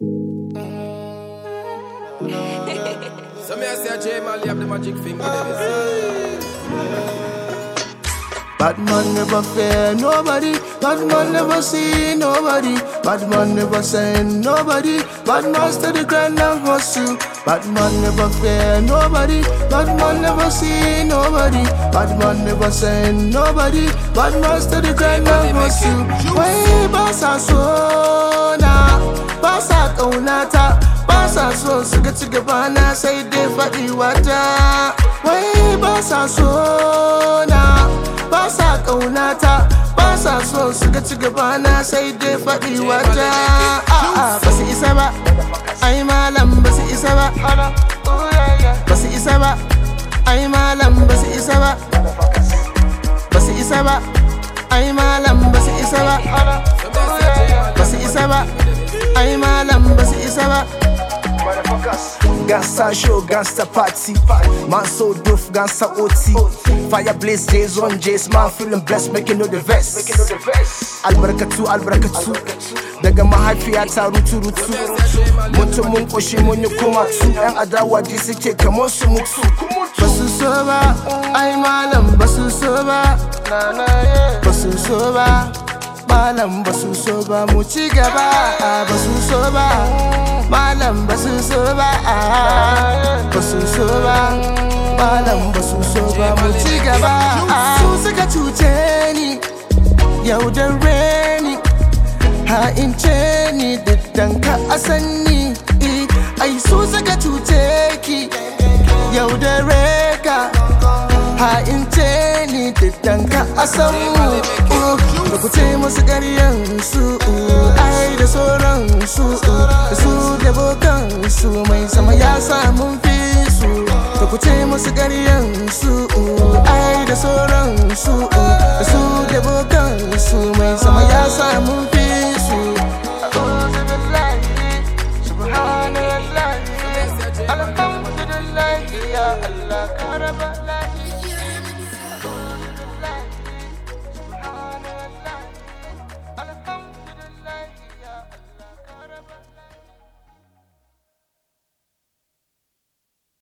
so me I say J Mali have the magic finger. Bad man never fear nobody. Bad man never see nobody. Bad man never send nobody. Bad man steady grind and hustle. Bad man never fear nobody. Bad man never see nobody. Bad man never send nobody. Bad man steady grind and hustle. Way boss I soul nata ba so su ga ci gaba na sai dai faɗi wata wai ba so na ba sa ƙaunata ba sa so su ga ci gaba na sai dai faɗi wata a'a ah, ah, ba su isa ba ai malam ba su isa ba ba su isa ba ai malam ba su isa ba ba su isa ba ai malam ba su isa ba ba su isa ba ai malam Sarah. Gangsta show, gangsta party. Man so doof, gangsta OT. Fire blaze, J's on J's. Man feeling blessed, making no the best. Albarakatu, albarakatu. Daga mahaifiyata rutu rutu. Mutum mun koshi mun yi kuma su. Yan adawa ji suke kamar su mutu. Basu so ay malam basu so ba. Basu so malam basu su so ba mu ci gaba basu su so ba malam basu su so ba ba so ba malam basu so ba mu ci gaba su suka cuce ni yaudare ni ha'ince ni diddan ka asanni ai su suka cuce ki yaudare ka ha'ince limited dan ka a san mu da ku ce musu ƙaryan su ai da sauran su da su da bokan su mai sama ya samu fi su da ku ce musu ƙaryan su ai da sauran su da su da bokan su mai sama ya samu fi su Alhamdulillah ya Allah karaba